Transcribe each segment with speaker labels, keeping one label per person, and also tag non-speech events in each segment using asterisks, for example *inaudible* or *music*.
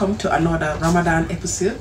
Speaker 1: welcome to another Ramadan episode.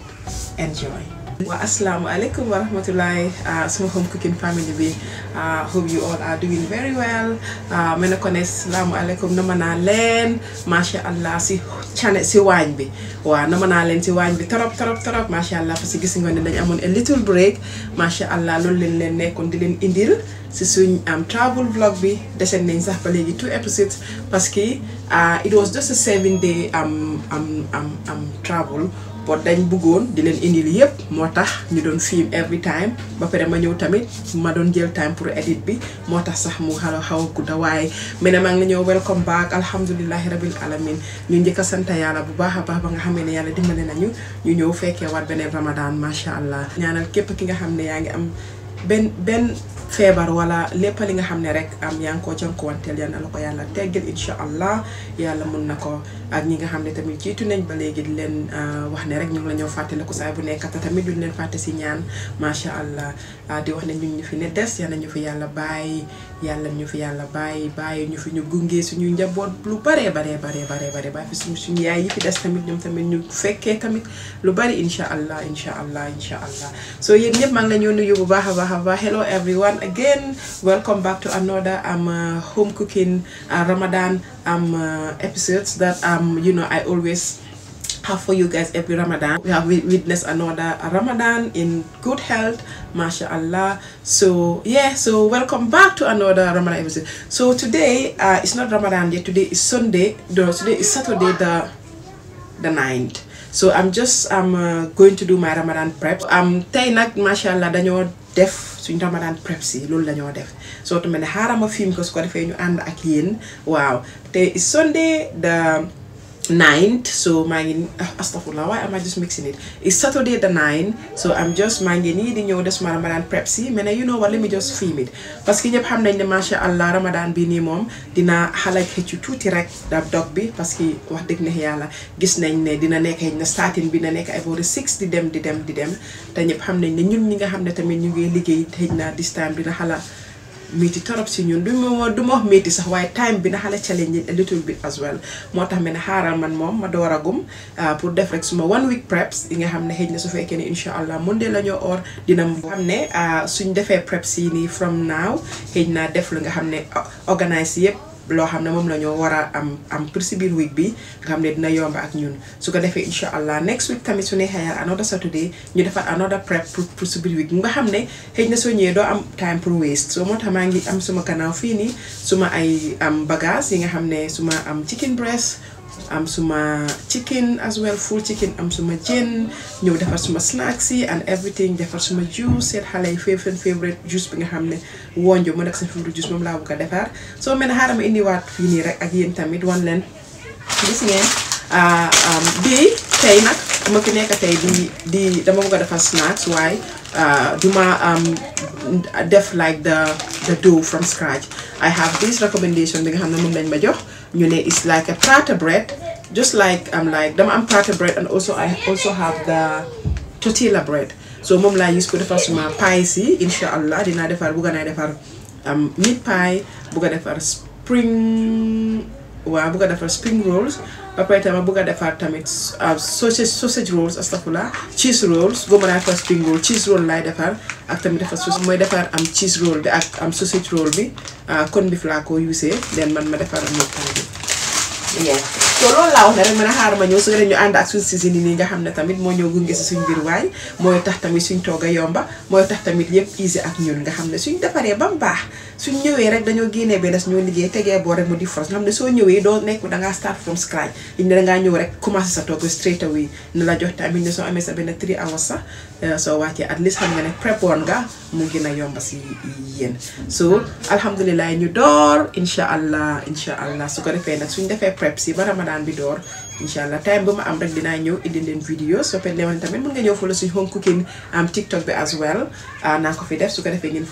Speaker 1: Enjoy. Wa assalamu alaikum wa rahmatullahi uh, some home cooking family bi uh, hope you all are doing very well uh, ma ne ko ne alaikum nama naa leen masha allah si channel si waañ bi Wa nama naa leen si waañ bi torop torop torop masha allah parce que gis nga ne dañ amoon a little break masha allah loolu leen leen nekkoon di leen indil si suñ am um, travel vlog bi desen nañ sax ba léegi two episodes parce que uh, it was just a seven day um um um um travel bon dañ bëggoon di leen indil yëpp moo tax ñu doon film every time ba pare ma ñëw tamit ma doon jël time pour edit bi moo tax sax mu xaw xaw ku gudda waaye mu ne maa ngi ñëw welcome back alhamdulilahi rabil alamin ñu njëkk a sant yàlla bu baax a baax ba nga xamee ne yàlla di dimbale nañu ñu ñëw fekkee war beneen ramadan macha allah ñaanal képp ki nga xam ne yaa ngi am benn benn feebar wala lépp li nga xam ne rek am yaa ngi ko jànkuwanteel yal na la ko yàlla teggil incha allah yàlla mun na ko ak ñi nga xam ne tamit jiitu nañ ba léegi di leen ah, wax ne rek ñu ngi la ñëw fàttaliku saa bu nekkat te tamit duñ leen fàtte si ñaan macha allah ah, di wax ne ñu ñu fi ne des yal na ñu fi yàlla bàyyi. yàlla ñu fi yàlla bàyyi bàyyi ñu fi ñu gunge suñuy njaboot lu baree baree baree baree baree bàyyi fi suñu suñu yaay yi fi des tamit ñoom tamit ñu fekkee tamit lu bari incha allah incha allah incha allah so yéen ñëpp maa ngi la ñoo nuyu bu baax a baax a baax hello everyone again welcome back to another am um, home cooking uh, Ramadan am um, uh, episodes that am um, you know I always have for you guys every Ramadan. We have witnessed another Ramadan in good health, mashallah. So yeah, so welcome back to another Ramadan episode. So today, uh, it's not Ramadan yet. Today is Sunday. today is Saturday the the 9th. So I'm just I'm uh, going to do my Ramadan prep. Um, tey you, macha allah dañoo def suñ Ramadan prep si loolu la ñoo def soo tamit ne xaaral a film ko su ko defee ñu ànd ak yéen waaw tey is Sunday the 9th so maa ngi ah, astafurlah why am I just mixing it it's Saturday the 9 so I'm just maa nii di ñëw des ma Ramadan prep si mais nag you know what let me just film it parce que ñëpp xam nañ ne macha allah Ramadan bi nii moom dina xala xëcc tuuti rek dab dog bi parce que wax dëgg neex yàlla gis nañ ne dina nekk na starting bi na nekk ay boori 6 di dem di dem di dem te ñëpp xam nañ ne ñun ñi nga xam ne tamit ñu ngi liggéey xëj na this time dina xalaat métti torop si ñun du ma du ma wax métti sax waaye time bi na xale challenge a little bit as well moo tax ma ne xaaral man moom ma door agum ah, pour def rek suma one week preps yi nga xam ne xëj na su fekkee ne incha allah Monday la ñoo or dina mu xam ne ah, suñ defee preps yi nii from now xëj naa def lu nga xam ne ah, organise yëpp loo xam ne moom la ñoo war a am am pour si biir week bi nga xam ne dina yomb ak ñun su ko defee incha allah next week tamit su neexee yàlla another saturday ñu defar another prep pour si biir bu nga xam ne xëy na soo ñëwee doo am time pour waste so moo tax maa ngi am suma kanaaw fii nii suma ay am bagage yi nga xam ne suma am chicken breast am suma chicken as well full chicken am suma gin ñëw defar suma snacks and everything defar suma juice set halay yi favorite juice bi nga xamne wonjo mo nak sa favorite juice mom la bëgg a defar so men ne xaaral ma indiwaat fii nii rek ak yeen tamit won len gis ngeen ah, bi tay nak dama fi nekk tay di di dama bëgg a defar snacks waaye ah, duma def like the the dough from scratch I have this recommendation bi nga xamne mom lañ ma jox you know it's like a prata bread just like I'm um, like dama am prata bread and also I also have the bread so moom laa use ko defar suma pies yi insha allah dinaa defar bugga naa defar um, meat pie bugga defar spring waaw bugga defar spring rolls ba pare tamit bëgg a defar tamit ah, sausage sausage rolls astafurlah cheese rolls boobu naa ko spring roll cheese roll laay defar ak tamit defar mooy defar am cheese roll bi ak am sausage roll bi kon bi fi laa ko usee den man ma defar am moom tamit. bien so loolu laa wax ne rek mën a xaaral ma ñëw su ñu ànd ak suñu nga xam ne tamit moo ñëw gunge si suñ biir waañ mooy tax tamit suñ toog a yomba mooy tax tamit yëpp easy ak ñun nga xam ne suñ defaree ba mu baax suñ ñëwee rek dañoo génnee benn suñoo liggéey tegee boo rek mu di force nga xam ne soo ñëwee doo nekk dangaa start from scratch liñ ne dangaa ñëw rek commencé sa togg straight away na la jox tamit ne soo amee sa benn 3 hours sax Eh, soo wàccee at least xam nga ne prep nga mu gën a yomba si yéen so alhamdulilah ñu door incha allah incha allah su ko defee nag suñ defee prep si ba ramadaan bi door incha allah time ba ma am rek dinaa ñëw indi leen vidéo soppee leen tamit mun nga ñëw follow suñu home cooking am um, tiktok bi as well ah, naa ko fi def su ko defee ngeen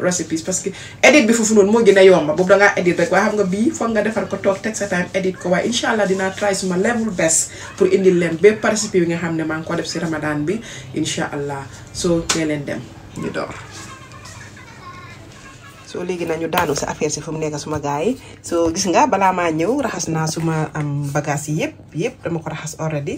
Speaker 1: um, que bi foofu noonu moo gën a yomba boobu dangaa edit rek waaye xam nga bii foog nga defar ko toog teg sa time edit ko waaye incha allah dinaa try suma level best pour indil leen bépp recipe bi nga xam ne maa ngi ko def si ramadan bi incha allah soo tee leen dem ñu door soo léegi nañu daanu sa affaire si fu mu nekk suma gars yi soo gis nga balaa maa ñëw raxas naa suma am bagage yi yëpp yëpp dama ko raxas already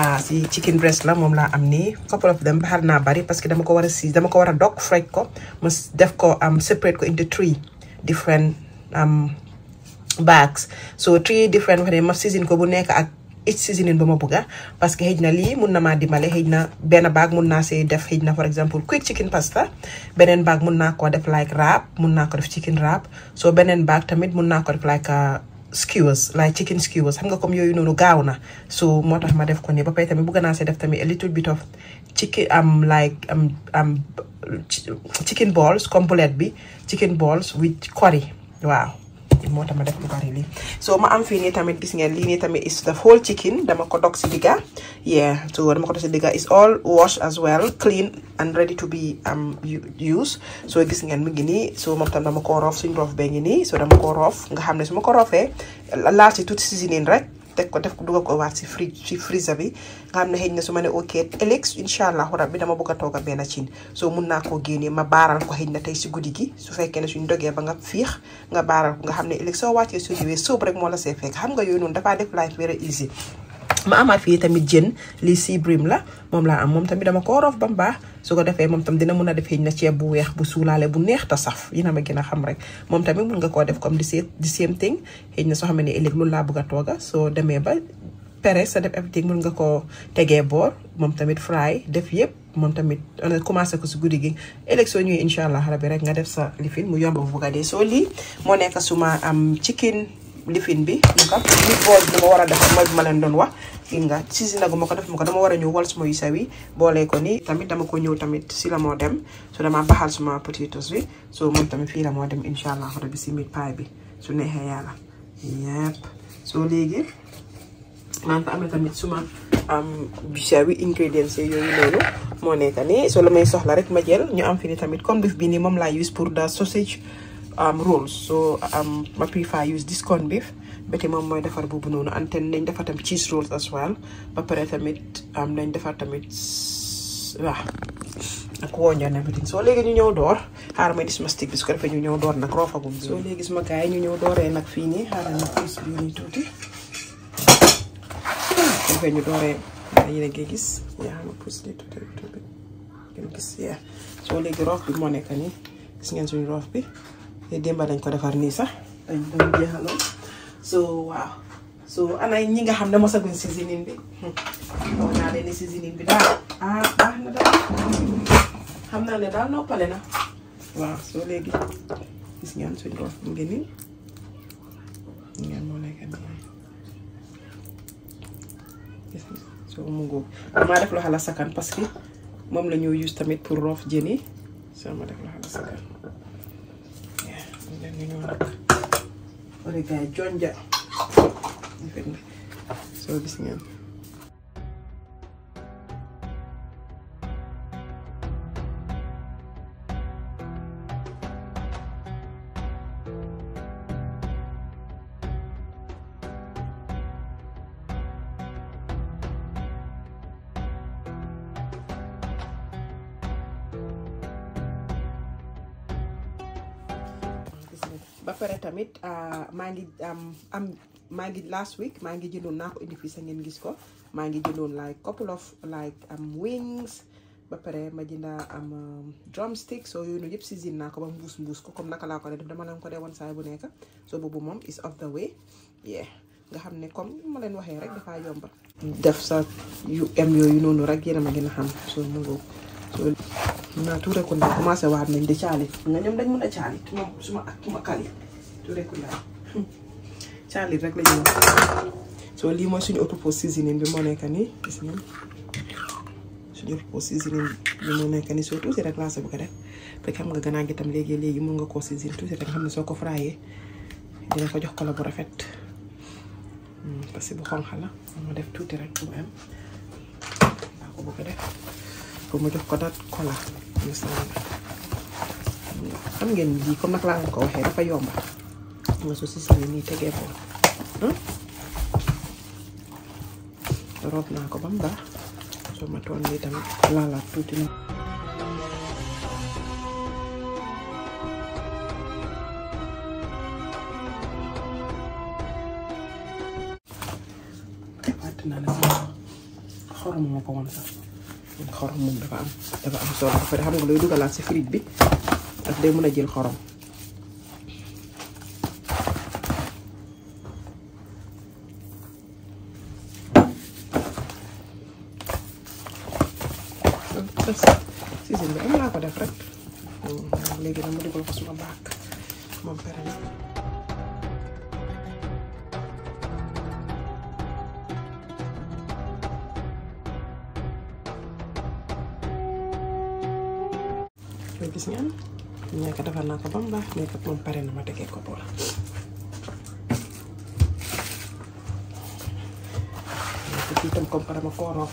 Speaker 1: ah, si chicken breast la moom laa am ni couple of them xar naa bari parce que dama ko war a si dama ko war a dog frej ko mu def ko am separate ko into three different bags so three different ma season ko bu nekk ak each seasoning ba ma bugga parce que xëj na lii mun na maa dimbale xëj na benn baag mun naa def xëj na for exemple quick chicken pasta beneen baag mun naa koo def like wrap mun naa ko def chicken wrap so beneen baag tamit mun naa ko def like uh, skewers like chicken skewers xam nga comme yooyu noonu gaaw na so moo ma def ko nii ba pare tamit def tamit a little bit of chicken am um, like am um, am um, chicken balls comme boulette bi chicken balls with curry waaw bi tambah tax def bari li so ma am fii nii tamit gis ngeen li ni tamit is the whole chicken dama ko dox ci diga yeah so dama ko dox ci diga is all washed as well clean and ready to be um used so gis ngeen mi ngi ni so mom tam dama ko rof suñ rof be ngi ni so dama ko rof nga xam suma ko ci seasoning rek teg ko def ko dugal ko waat si fri si freezer bi nga xam ne xëy na su ma ne ok ëllëg incha allah rabbi dama bëgg a toog a benn cin soo mun na koo génnee ma baaral ko xëy na tey si guddi gi su fekkee ne suñ dogee ba nga fiix nga baaral ko nga xam ne ëllëg soo wàccee soo ñëwee sóob rek moo la see fekk xam nga yooyu noonu dafaa def life very easy ma amaat fii tamit jën lii sea bream la moom laa am moom tamit dama ko roof ba mu baax su ko defee moom tamit dina mun a def xëy na ceeb bu weex bu suulaale bu neex ta saf yina ma gën a xam rek moom tamit mun nga koo def comme di same thing na soo xam ne ëllëg loolu laa bëgg a tooga soo demee ba pere sa def everything mun nga koo tegee boor moom tamit fry def yëpp moom tamit commencé ko si guddi gi ëllëg soo ñëwee incha allah rabi rek nga def sa lifin mu yomb bu bugga dee soo lii moo nekk suma am chicken lifin bi naka meatballs bi ma war a mooy ma leen doon wax Inga, sisi nagu ma ko def moko dama wara a wal suma isa wi ko ni tamit dama ko ñew tamit si la mo dem so dama baxal suma potatoes bi so moom tamit fi la mo dem inshallah allah rabbi si mit bi su he yàlla yep so legi man fa amé tamit suma am bisa wi ingredients e yooyu noonu moo nekk ni so lamay soxla rek ma jël ñu am fi tamit comme beef bi ni mom la use pour the sausage um, rolls so um, ma prefer use this corn beef bete mom moy defar boobu nonu antenne nañ defar tam cheese rolls as well ba pare tamit am nañ defar tamit waaw ak wonja na bitin so léegi ñu ñëw door xaaral ma dis ma stick bi su ko defee ñu ñëw door ro fa gum so léegi gis ma gaay ñu ñëw dooree nak fi ni xaaral na gis bi ni tuti su ñu dooree yéen a ngi gis ya ma pousse nii tuuti tuuti ngeen gis yaa soo léegi roof bi mo nekk ni gis ngeen suñu rof bi te demba dañ ko defar ni sax dañ dañ jéxalo so wow so ana ñi nga xam ne mosaguñ seasoning bi hmm. naa leen ni seasoning bi da ah ah na ah, da xamna le da no pale na wow so legi gis ñaan suñ ko mu ñaan mo ngeen moo nekk nii gis so mu ngóob damaa def lo xala sakan parce que mom la ñu use tamit pour rof jeni so ma def lo xala sakan ñu Olha gars, John Jack. So this ngeen ba pare tamit ah, maa ngi am am maa ngi last week maa ngi jëndoon naa ko indi fii sa ngeen gis ko maa ngi jëndoon like couple of like am wings ba pare ma jënda am um, drumstick soo yooyu noonu yëpp season naa ko ba mbuus mbuus ko comme naka laa ko def dama leen ko dee woon saay bu nekk soo boobu moom is of the way nga xam ne comme ma leen waxee rek dafaa yomba def sa yu am yooyu noonu rek yéen a ma gën a xam soo mu naa Touré Kunda commencé waat nañ di caalit xam nga ñoom a caalit moom suma ak suma kali Touré Kunda caalit *laughs* rek la ñu soo lii mooy suñu auto pause bi moo nekk nii gis ngeen suñu auto pause seasoning bi moo nekk nii soo a def te gi tam léegi léegi mun nga koo season tuuti rek xam ne soo ko fraayee dina ko jox kala bu rafet hmm, parce que bu xonq la ma def tuuti rek bu am mu jox ko dat kola instant xam ngeen ji comme nag laa ko waxee dafa yomb nga su si sànni nii tegee ko hmm? roob naa ko ba mu na xorom moom dafa am dafa am solo ba pare xam nga looy dugalaat si frite bi daf day mën a jël xorom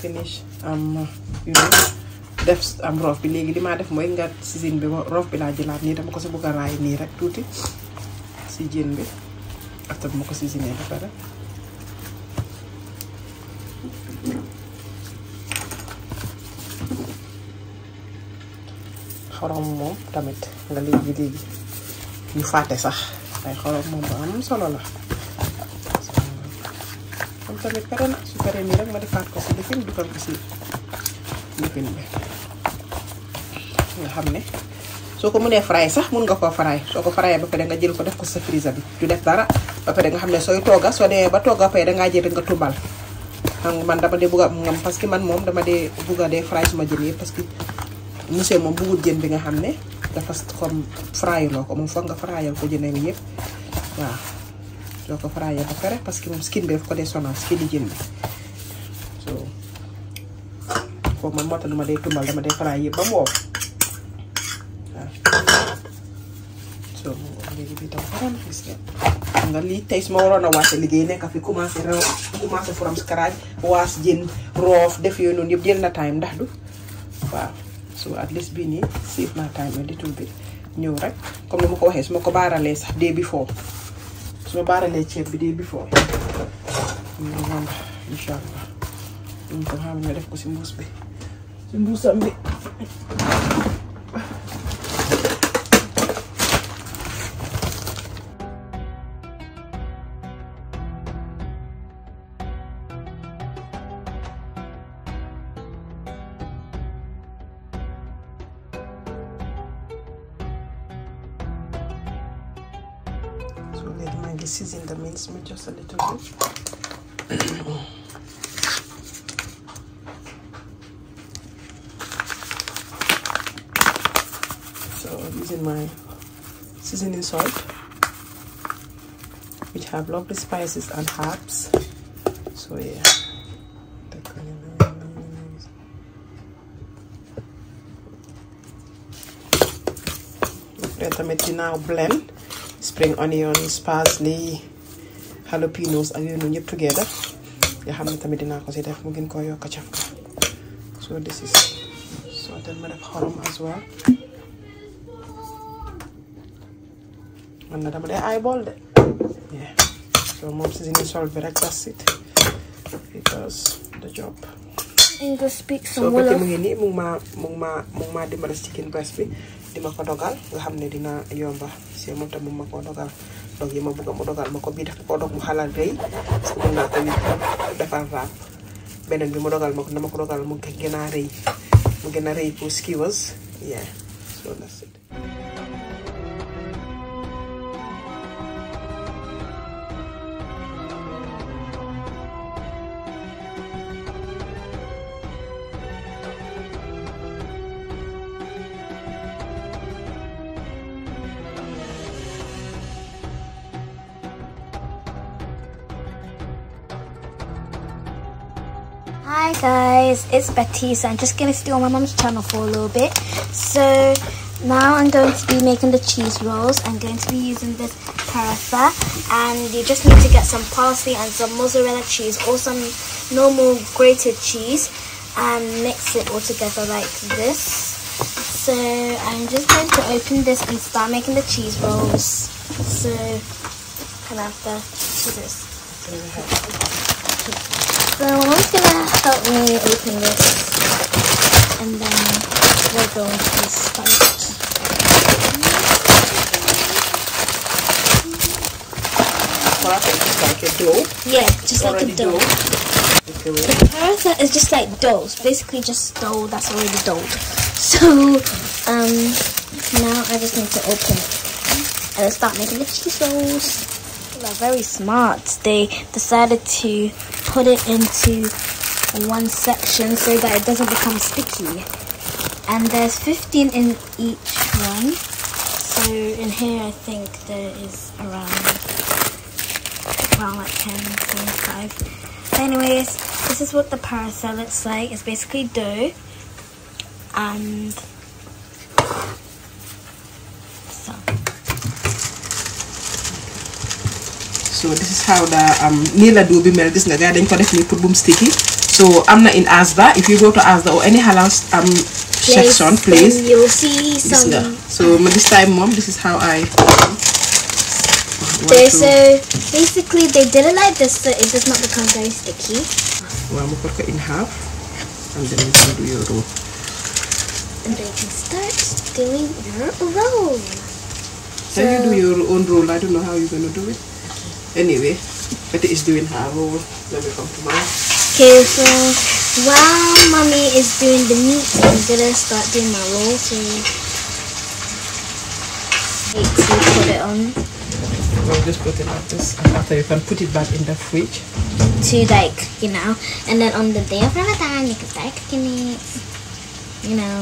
Speaker 1: finish am you know def am rof bi legui li ma def moy nga sisine bi rof bi la jëlaat nii dama ko si bugg a raay nii rek touti si jën bi ak tam mako ko sisinee ba pare xorom moom tamit nga legui legui ñu faté sax ay xorom mo am solo la sampai karena suka na su paree nii rek ma defaat ko ko defin So ko si fry sah, nga xam ne soo ko fry fray sax mun nga koo fray soo kau frayee ba pare nga jël ko def freezer bi tuh dah tara bapak dengan ham xam so itu agak so ada eh. batu agak bapak dengan jël dengan tumbal xam nga man dama dee bugg a ngam parce que man moom dama dee bugg a dee fray mau jën jen dengan ham nih dapat kau fry loh nga xam ne dafa comme frayuloo ko moom doko fraye ba pare parce que mom skin bi ko dee sonal skin jën bi so ko mom mata dama day tumbal dama day fraye iya, ba mo nah. so léegi bi tam param fiske nga li tay lii warona su ligey nek fi commencer rew commencer from scratch was jinn rof def yo non yeb jël na time ndax du wa so at least bi ni save naa time a little bit ñëw rek comme ni ma ko waxee su ko baralé sax day before soo baaralee ceeb bi dee before novembre incha allah ñu ko xam ne def ko si mbuus bi si mbuusam bi So let my season the mince meat just a little bit. so I'm using my seasoning salt, which have lovely spices and herbs. So yeah. Let them now blend. spring onions parsley jalapenos ak yooyu noonu together Ya xam ne tamit dinaa ko si def mu gën koo yokk caf ka so this is so then ma def xorom as well man na dama dee eyeball de yeah so moom seasoning salt bi rek that's it it does the job
Speaker 2: English speak some so bëccëg mu ngi
Speaker 1: nii mu ngi maa mu ngi mu ngi maa dimbale si chicken breast bi di ma ko dogal nga xam ne dina yomba gisee moom tam moom ma koo dogal donc ma bëgg dogal ma ko bii dafa koo dog mu xalaat rëy parce que ko wér defar raab beneen bi mu dogal ma ko na ma ko dogal mu gën a rëy mu gën rëy pour skiwers
Speaker 2: yeah guys, it's Betty, so I'm just going to stay on my mom's channel for a little bit. So now I'm going to be making the cheese rolls. I'm going to be using this paraffin and you just need to get some parsley and some mozzarella cheese or some normal grated cheese and mix it all together like this. So I'm just going to open this and start making the cheese rolls. So, come after. Jesus. So Mama's gonna help me open this and then we're going to start. Just like a dough. Yeah, just like a dough. dough. The parasite is just like doughs, basically just dough that's already doughed. So, um, now I just need to open it and start making the cheese rolls. They're very smart. They decided to put it into one section so that it doesn't become sticky. And there's 15 in each one. So in here I think there is around, around like 10, 25. Anyways, this is what the parasol looks like. It's basically dough. And so.
Speaker 1: so this is how the um, nii la be bi mel gis nga gars dañ me. Put boom sticky so i am not in Asda if you go to Asda or any halal um, section place
Speaker 2: gis nga
Speaker 1: so this time mom, this is how I um, they so
Speaker 2: basically they did it like this so it does not become very sticky
Speaker 1: gonna cut it in half and then you can do your roll
Speaker 2: and then you can start doing your roll
Speaker 1: so, so you do your own roll I don't know how you're gonna do it Anyway, Betty is doing her roll. Let me come to mine.
Speaker 2: Okay, so while mommy is doing the meat, I'm gonna start doing my roll. So wait to put it on.
Speaker 1: We'll just put it like this, and after you can put it back in the fridge.
Speaker 2: To like you know, and then on the day of Ramadan, you can start cooking it. You know,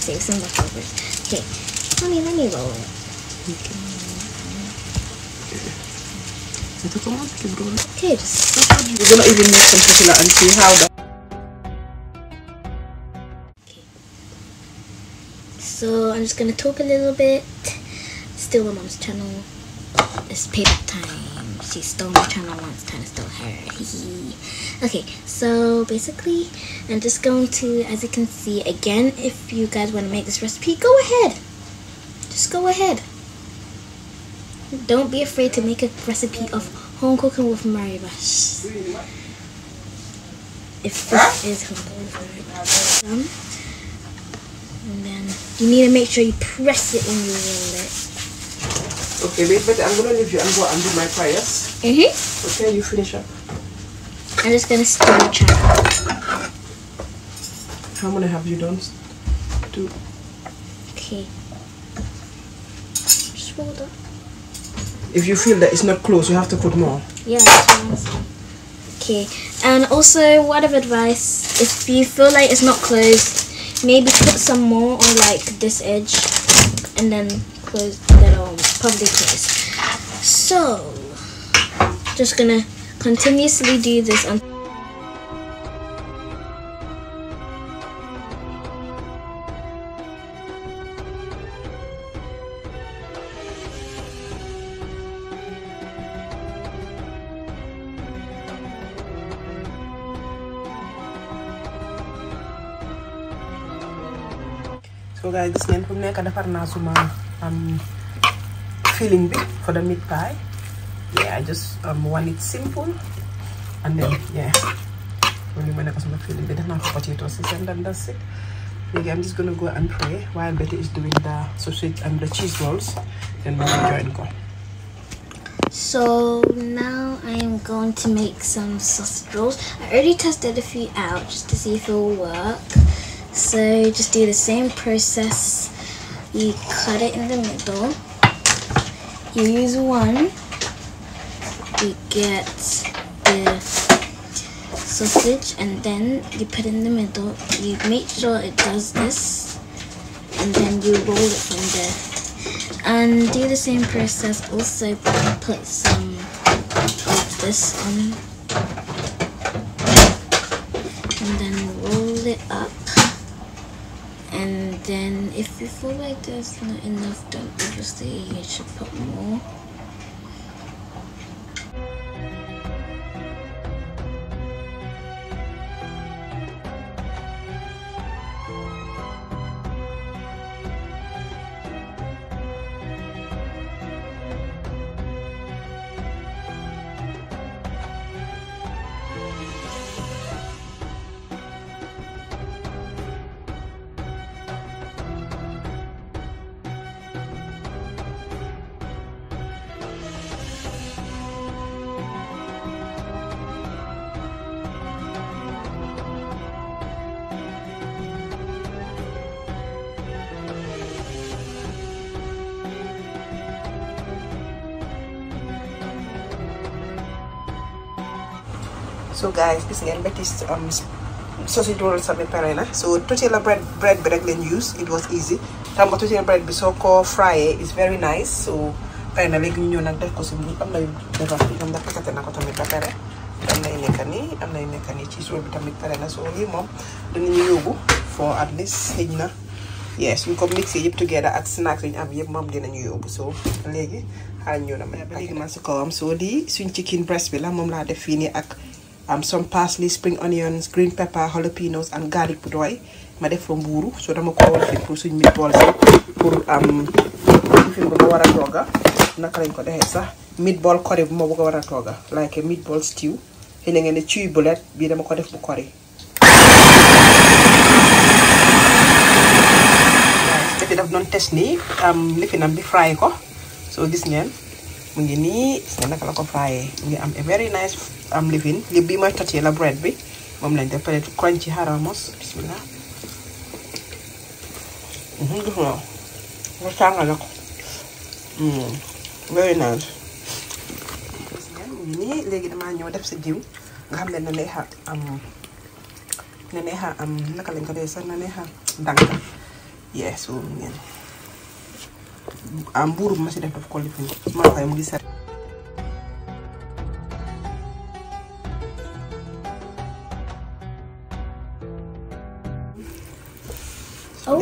Speaker 2: save some leftovers. Okay, mommy, let me roll it. Okay. It to We're gonna even mix some particular and see how the So I'm just gonna talk a little bit. Still, my mom's channel. It's payback time. She stole my channel once, trying to steal her. *laughs* okay, so basically, I'm just going to, as you can see, again, if you guys want to make this recipe, go ahead. Just go ahead. Don't be afraid to make a recipe of home cooking with Maribas. If this is home cooking with And then you need to make sure you press it in your little bit.
Speaker 1: Okay, wait, but I'm gonna leave you. I'm gonna undo my prayers.
Speaker 2: Mm hmm Okay, you finish up. I'm just gonna stir check.
Speaker 1: How many have you done? Two.
Speaker 2: Okay. Just hold up
Speaker 1: if you feel that it's not close, you have to put more.
Speaker 2: Yeah. Okay. And also, word of advice: if you feel like it's not closed, maybe put some more on like this edge, and then close that will um, probably close. So, just gonna continuously do this until.
Speaker 1: so guys i am filling bit for the meat pie yeah I just um, want it simple and then yeah loolu ma nekk suma filling bi def naa ko potato si seen dan that's it Okay, i I'm just gonna go and pray while Betty is doing the sausage and the cheese rolls then we will join go.
Speaker 2: So now I am going to make some sausage rolls. I already tested a few out just to see if it will work. So just do the same process. You cut it in the middle. You use one. You get the sausage and then you put in the middle. You make sure it does this and then you roll it from there. And do the same process. Also put some of this on if you feel like there's not enough dough, obviously you should put more
Speaker 1: guys gis ngeen bétis am sausage rolls na so tortilla bread bread bi rek lañ use it was easy xam nga tortilla bread bi soo ko fryé is pare na léegi ñu ñëw nag def ko si mbuus am na yu defar na ko tamit ba pare am nay nekk nii am nay nekk nii ci suul bi na so lii moom dinañu yóbbu for at least xëj na yes suñ ko mixé yëpp together ak snacks yi ñu am yëpp moom dinañu yóbbu so léegi xaaral ñëw na ma. léegi ma si kawam so lii suñ chicken breast bi la moom laa def fii nii ak. am some parsley spring onions green pepper jalapenos and garlic doy ma def fa mbuuru so dama ko war a fit pour suñ mi bool bi pour am war a tooga meat ball curry bu ma bëgg war a tooga like meat ball stew xëy ngeen ne bulet bii dama ko def bu curry daf doon test nii am lifinam bi fry ko soo gis ngeen ngi sana kalau kau fry ini am a very nice am living lebih bi moy bread bi mau lañ def crunchy haramos bismillah hmm do ko ko sangat ko hmm very nice ini lagi dama nyawa dapat sa diw ambil xam am na am naka lañ ko def sa dangka yes wo Ambur masih dapat ma si def daf
Speaker 2: Oh,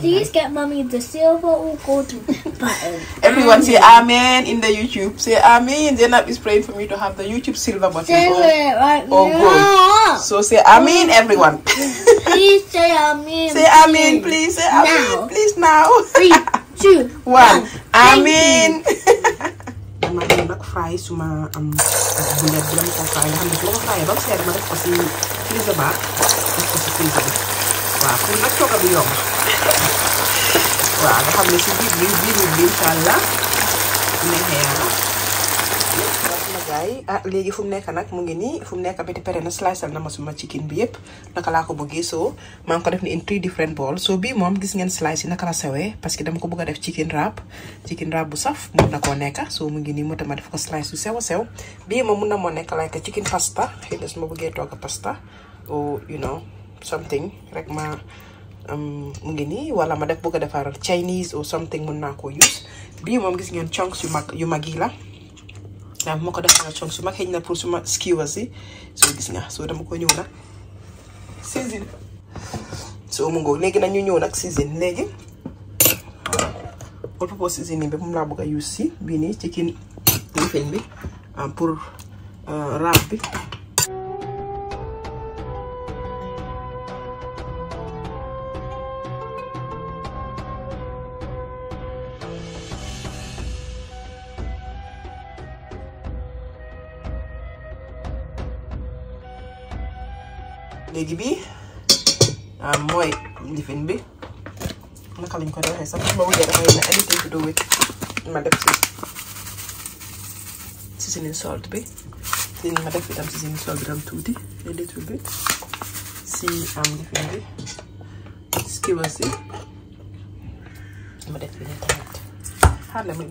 Speaker 2: Please get mommy the silver or golden
Speaker 1: button. Everyone say amen in the YouTube. Say amen. Zainab is praying for me to have the YouTube silver button silver, or,
Speaker 2: right or oh,
Speaker 1: So say amen, everyone.
Speaker 2: please say amen. *laughs* Say amen, please. Say amen,
Speaker 1: please now. Please. *laughs* two, one. amiin. dama dem nag fry suma am bulet bi dama ko fry nga xam ne su ma ko fryee ba mu seer ma def ko si freezer def ko si freezer bi waaw pour nag togga bi yomb waaw nga xam ne si biir bi biir bi incha allah neexee yàlla gay ah léegi fum nek nak mu ngi ni fum nek nekk pere na sliceal na ma suma chicken bi yep naka la ko bëggee so ma ngi ko def ni in three different bowl so bi, mom gis ngeen slice naka la sewee parce que dama ko bëgga def chicken wrap chicken wrap bu saf mo na ko nekk so mu ngi ni mo tamat def ko slice yu sew sew bi mom mu na mo nekk like chicken pasta xëy dess mo ma toga pasta or you know something rek ma mu ngi ni wala ma def bëgga defar Chinese or something mu na ko use Bi, mom gis ngeen chunks yu mag yu mag la na moo ko defaral cong su ma xëy na pour suma skiwa si soo gis nga soo dama ko ñëw nag season soo mu ngo léegi nañu ñu ñëw nag season léegi all purpose season yi bi moom laa bëgg a use si bii nii ci kin lifin bi um, pour uh, rab bi léegi bii mooy lifin bi naka lañ ko sax anything to do with ma def ci salt bi te ma def itam salt bi tam a little bit si am lifin bi
Speaker 2: ma def tamit la ma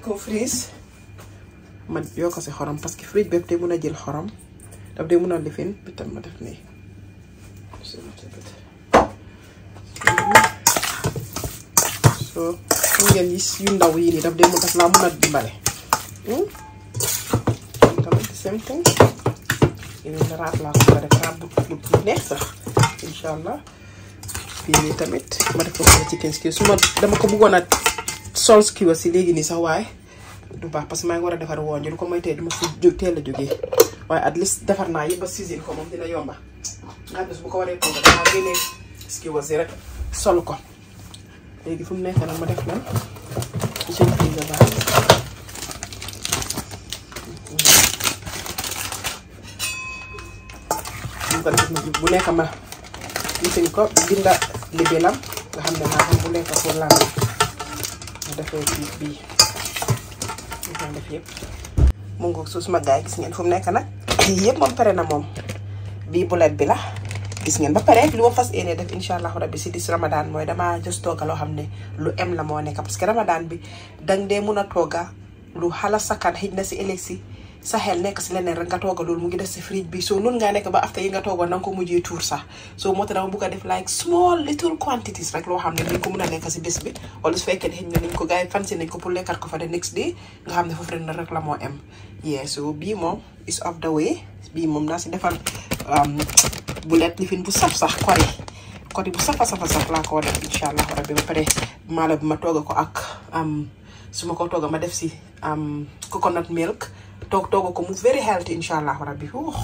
Speaker 1: ko freeze ma haram, pas xorom parce que fridge bepp day mun a jël xorom daf day mun lifin bi ma def ni so su ngeen gis yu ndaw yi ni daf day mun daf laa mun a dimbale hmm? the same thing na rap la ko def rap bu bu neex sax inshallah allah bii tamit ma def ko ci kenski suma dama ko bëggoon sol skiwa si léegi nii sax waaye du baax parce que maa ngi war a defar wonju lu ko mooy tey duma fi teel a jógee waaye at least defar naa yëpp ba sisin ko moom dina yomba ko waree togg damaa génnee skiwa sol ko fu mu nekk nag ma def lan ci nga baax bu nekk ma gisin nga xam ne naa xam bu nekk pour lan defee bi bii ñu def yëpp ma ngoog suuf suma gaay gis ngeen fu mu nekk nag yii yëpp moom pare na moom bii bulet bi la gis ngeen ba pare lu ma fas yéene def incha allahu rabbi si dis ramadan mooy damaa just tooga loo xam ne lu em la moo nekk parce que ramadan bi dang dee mun a tooga lu xala sakan xij na si ëllëg sa xel nekk si leneen rek nga tooga loolu mu ngi des si fridge bi soo noonu ngaa nekk ba after yi nga toogoon na ko mujjee tuur sax soo moo tax dama bëgg a def loo xam ne dañ a nekk si bés bi wala su fekkee ne xëy ko gars yi fansi nañ ne foofu ren rek la moo am bii moom is of the way bii moom naa si defal um, bulet lifin bu saf sax kori kori bu safa safa sax laa ko def incha allah rabbi ba pare maalo ma tooga ko ak um, su ma ko tooga ma def si um, coconut milk tok tok ko mu very healthy inshallah rabbi uh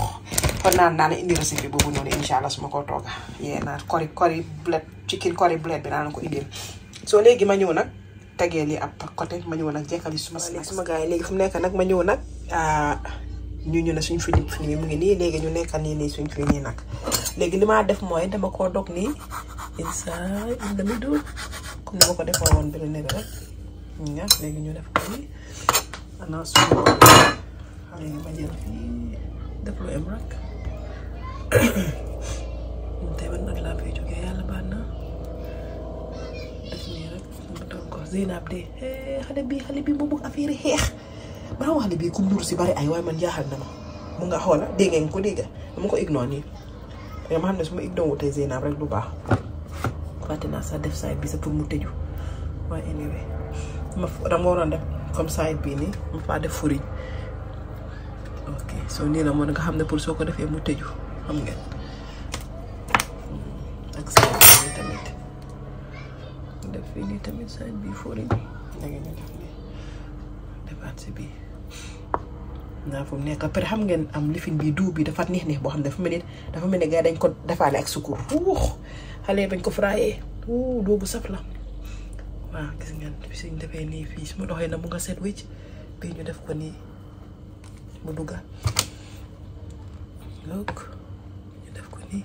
Speaker 1: kon naan na indi recipe bobu non inshallah suma ko toga ye na kori kori curry chicken kori blood bi naa la ko indi so legi ma ñew nak tegee li ap côté ma ñew nak jekali suma suma gaay legi fu mu nekk nag ma nak ah ñu ñu na suñu fi fi mu ngi ni Legi ñu nekkal ni ni suñu fi nii nak legi lima def moy dama ko dog ni insa in the middle ko dama ko defoo won bi rek legi ñu def ko ni ana suñu paling yang panjang di Dapur Emrak. *coughs* Minta benda lebih juga ya lebar na. Dapur Emrak sempat aku zinap deh. Eh, ada bubuk afir heh. Berapa ada bi kumur si bayi ayam manjahan nama. Munga hola, dengan ku dega. Munga ku ignore ni. Yang mana semua ignore utai zinap rek lupa. Kuatin asal def saya bisa pun mute ju. Wah anyway, ramo orang dah kom side bini, mau furi ok so ni la moom nga xamne pour soko ko mu teju xam nga ak sa bi tamit def fii nii tamit sa bi fori ni da ngeen def nii defaat ci bi na fu nek après xam ngeen am lifin bi dou bi dafa neex neex bo xam dafa melni dafa melni gaay dañ ko defaale ak sukur wuux xalé bañ ko fraayee wuu duubu saf la wa gis ngeen fi seen defé ni fi ma doxé na mu nga set wécc bii ñu def ko ni mu dugga donc ñu def ko nii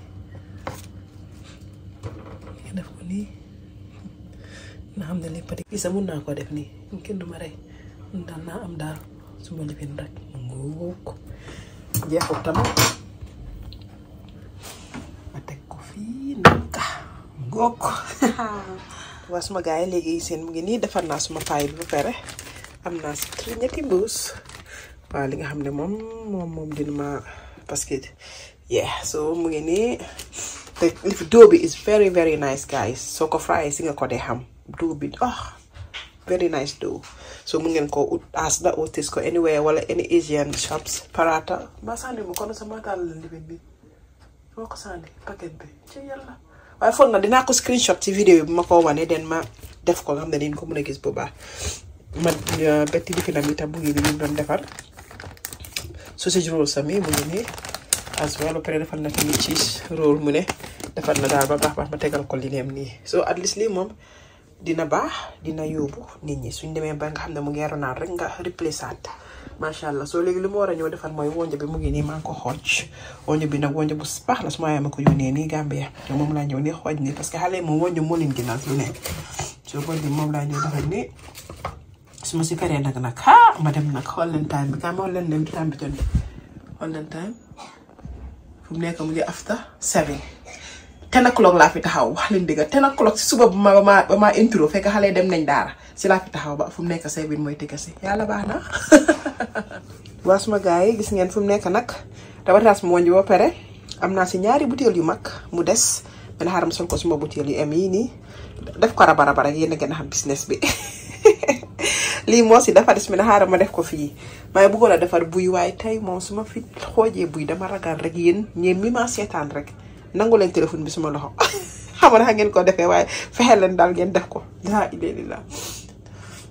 Speaker 1: ñu def ko nii na xam ne li pati gisa mun naa ko def nii kenn du ma rey daan naa am daal su ma lifin rek nguuk jeexul tama ma ko fii nanka ngook waa suma gars seen mu ngi suma ñetti waaw li nga xamne mom mom mom dina ma parce que yeah so mu ngi ni the dough is very very nice guys so ko fry si nga ko de ham dough bi oh very nice dough so mu ngeen ko as da utis ko anywhere wala any asian shops parata ba sandi mu no sama tal li libin bi moo ko sandi paquet bi ci yalla waaye fon na dina ko screenshot ci video bi mako wone den ma def ko nga xamne ni ko mu ne gis bu ba man euh, betti di mi tabu yi ni ñu doon defar sausage roll sami mu ngi as well ba pare defal na fi cheese roll mu ne defal na dal ba bax baax ma tegal ko ni so at least li mom dina bax dina yobu, nit ñi suñu demee ba nga xamne mu ngi ronal rek nga replaçant macha allah soo léegi li mu war a defal moy wonjo bi mu ngi ni ma ko xoj wonjo bi nak wonjo bu bax la suma yama ko yone ni Gambia te mom la ñew ni xoj ni parce que xale mo moom mo leen gina lu nekk so ko mom la defal ni suma si kare nag nag ha madam nag holland time bi kaam xool leen time bi jot holland time fu mu nekk mu ngi after seven ten o'clock laa fi taxaw wax leen dëgg ten o'clock si suba ma ba ma ba ma intro fekk xale dem nañ daara si laa fi taxaw ba fu mu nekk seven mooy tëgg si yàlla baax na waa suma gars yi gis ngeen fu mu nekk nag rabataas mu wàññi ba pare am naa si ñaari butéel yu mag mu des man xaaram sol ko suma butéel yu am yi nii def ko rabaraba rek yéen a gën a xam business *laughs* bi lii moo dafa defar mina haara ma def *laughs* ko fii may bëggoon a defar buy waaye tey moom su ma fi xoojee buy dama ragal rek yéen ñeen mi ma seetaan rek nangu leen téléphone bi suma loxo xam nga ngeen ko defee waaye fexe leen daal ngeen def ko la ilaaha illallaah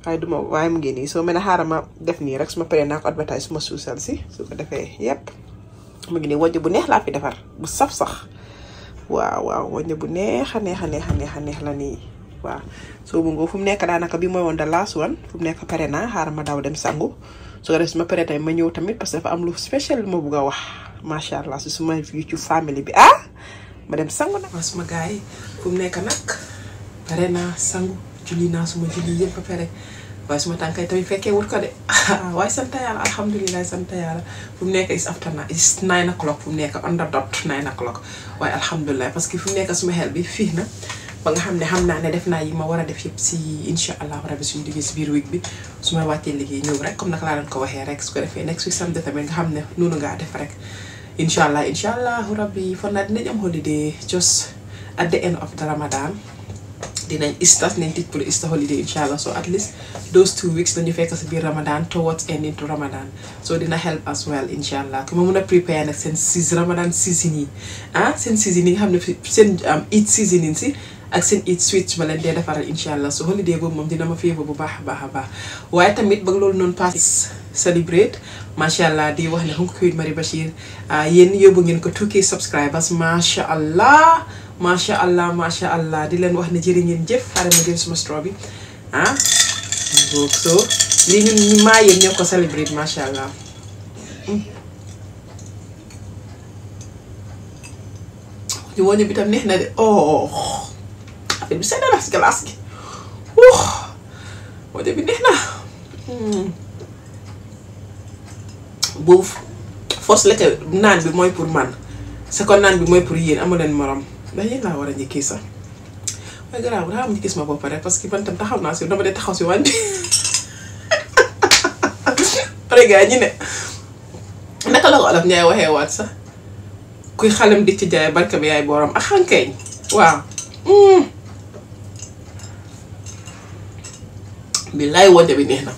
Speaker 1: waaye duma waaye mu ngi nii soo mina haara ma def nii rek suma paree naa ko advertise suma suusal si su ko defee yépp mu ngi nii bu neex laa fi defar bu saf sax waaw waaw wàññi bu neex haneh neex a neex a neex neex la nii waaw soo bungo fu mu nekk daanaka bi mooy woon da last one fu mu nekk pare naa xaaral ma daw dem sangu su ko def su ma paree tamit ma ñëw tamit parce que dafa am lu spécial a wax macha allah su suma YouTube family bi ah ma dem sangu nag. suma gars yi mu nekk nag pare naa sangu julli naa suma julli yëpp ba pare waaye suma tànkay tamit fekkee wut ko de *laughs* waaye sant yàlla alhamdulilah sant yàlla fu mu nekk is after na is nine o'clock fu mu nekk on the dot nine o'clock waaye alhamdulilah que fu mu nekk suma xel bi fii na. ba nga xam ne xam naa ne def naa yi ma war a def yëpp si incha allah rabi suñu liggéey si biir week bi su ma wàccee liggéey ñëw rek comme nag laa doon ko waxee rek su ko defee nekk su nga xam ne noonu ngaa def rek incha allah incha allah rabi fan naa dinañ am holiday just at the end of the Ramadan dinañ istas nañ tij pour ista holiday incha allah so at least those two weeks dañu fekk si biir Ramadan towards and into Ramadan so dina help as well incha allah ku ma mun a prepare nag seen season Ramadan season ah seen season yi nga xam ne seen um, eat season yi si. ak seen it switch ma leen dee defaral incha allah su holiday boobu moom dina ma féebar bu baax a baax a baax waaye tamit ba loolu noonu pass celebrate macha allah di wax ne Home Cook with Marie Bachir ah, yéen yóbbu ngeen ko 2K subscribers macha allah macha allah macha allah di leen wax ne jëri ngeen jëf xaaral ma jël suma straw bi ah donc so lii ñun maa yéen ñoo ko celebrate macha allah. Hmm. wóññi bi tam neex na de oh. affaire bi sedd na si gi wux woote bi neex na boobu force la naan bi mooy pour man sa ko naan bi mooy pour yéen amu leen morom ndax yéen laa war a njëkkee sax waaye garaaw daa am ñu gis ma ba pare parce que man tam taxaw naa si dama dee taxaw si wàññi bi pare gaa waxee waat sax kuy xalam di ci jaay barke bi yaay boroom ak xànkeeñ waaw billaay woote bi neex na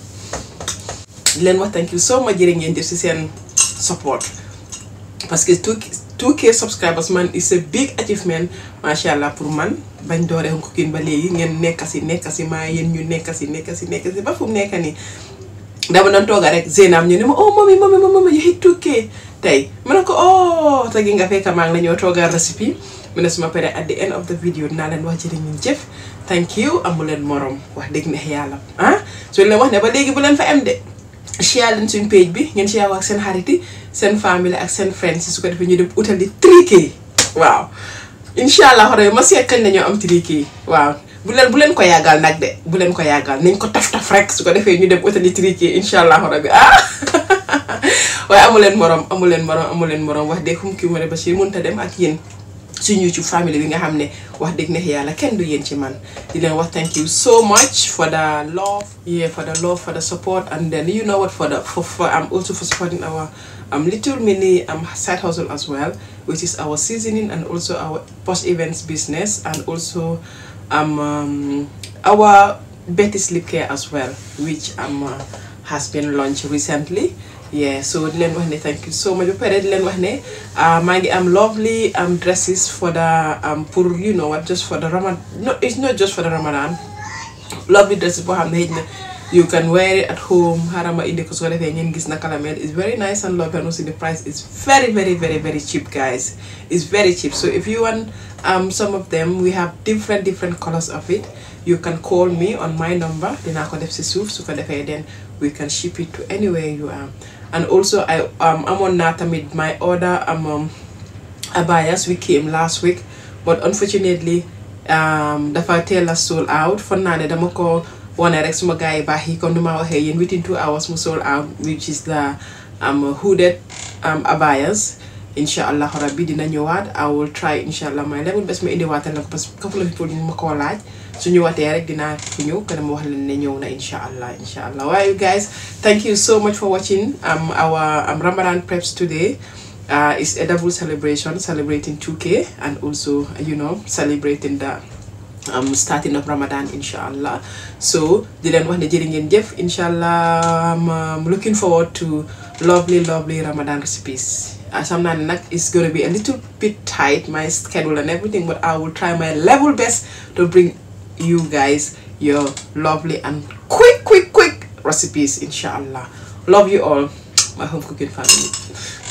Speaker 1: leen wax thank you so much jërë ngeen jëf si seen support parce que 2K subscribers man is a big achievement macha allah pour man bañ dooree Hongkongin ba léegi ngeen nekk si nekk si ma yéen ñu nekk si nekk si nekk si ba fu mu nekk nii dama doon tooga rek Zeynab ñu ne ma oh mami mami mami you hit 2K tey ma ne ko oh te gi nga fekk maa ngi la ñoo mu suma pere at the end of the video na len wax jeri ñun jëf thank you amu len morom wax deg ne yalla ah so len wax ne ba legi bu len fa am de share leen suñ page bi ngeen share ak sen xariti sen family, ak sen friends su ko def ñu dem outal di k Wow. Insya allah ma akan kañ am 3K waaw bu len bu len ko yagal nak de bu len ko yagal nañ ko taf taf rek su ko defé ñu dem outal 3K inshallah allah ah *laughs* Wah amulen morom amulen morom amulen morom wax dekum kum kii mu ne Bachir mun ta dem ak suñu YouTube family bi nga xam wax dëgg neex yàlla kenn du yéen ci man di wax thank you so much for the love yeah for the love for the support and then you know what for the for for I'm also for supporting our um little mini um side hustle as well which is our seasoning and also our post events business and also um, um our Betty Sleep Care as well which um uh, has been launched recently yeah so di wax ne thank you so much ba pare di leen wax ne ah, ngi am lovely am um, dresses for the um, pour you know what just for the Ramadan no it's not just for the Ramadan lovely dresses boo xam ne you can wear it at home Harama indi ko soo defee ngeen gis naka la mel it's very nice and lovely and also the price is very very very very cheap guys it's very cheap so if you want um some of them we have different different colors of it you can call me on my number dinaa ko def si suuf su ko defee then we can ship it to anywhere you are and also I um, I'm on Nata with my order I'm um, um Abayas we came last week but unfortunately um, dafa teel sold out For naa the dama one wane rek suma gars yi baax yi comme ni within two hours mu sold out which is the um, hooded um, abayas incha allah rabbi dina ñëwaat I will try inshallah allah my level best me indiwaatal na ko a couple of people in ma koo suñu watee rek dinaa ñëw gën wax leen ne ñëw na insha allah insha allah you guys thank you so much for watching um, our um, Ramadan preps today uh, it's a double celebration celebrating 2k and also you know celebrating the um, starting of Ramadan inshallah so di leen wax ne jërë ngeen jëf inshallah I'm um, um, looking forward to lovely lovely Ramadan recipes some uh, naan nag it's gonna be a little bit tight my schedule and everything but I will try my level best to bring you guys your lovely and quick quick quick recipes inshallah love you all my home cooking family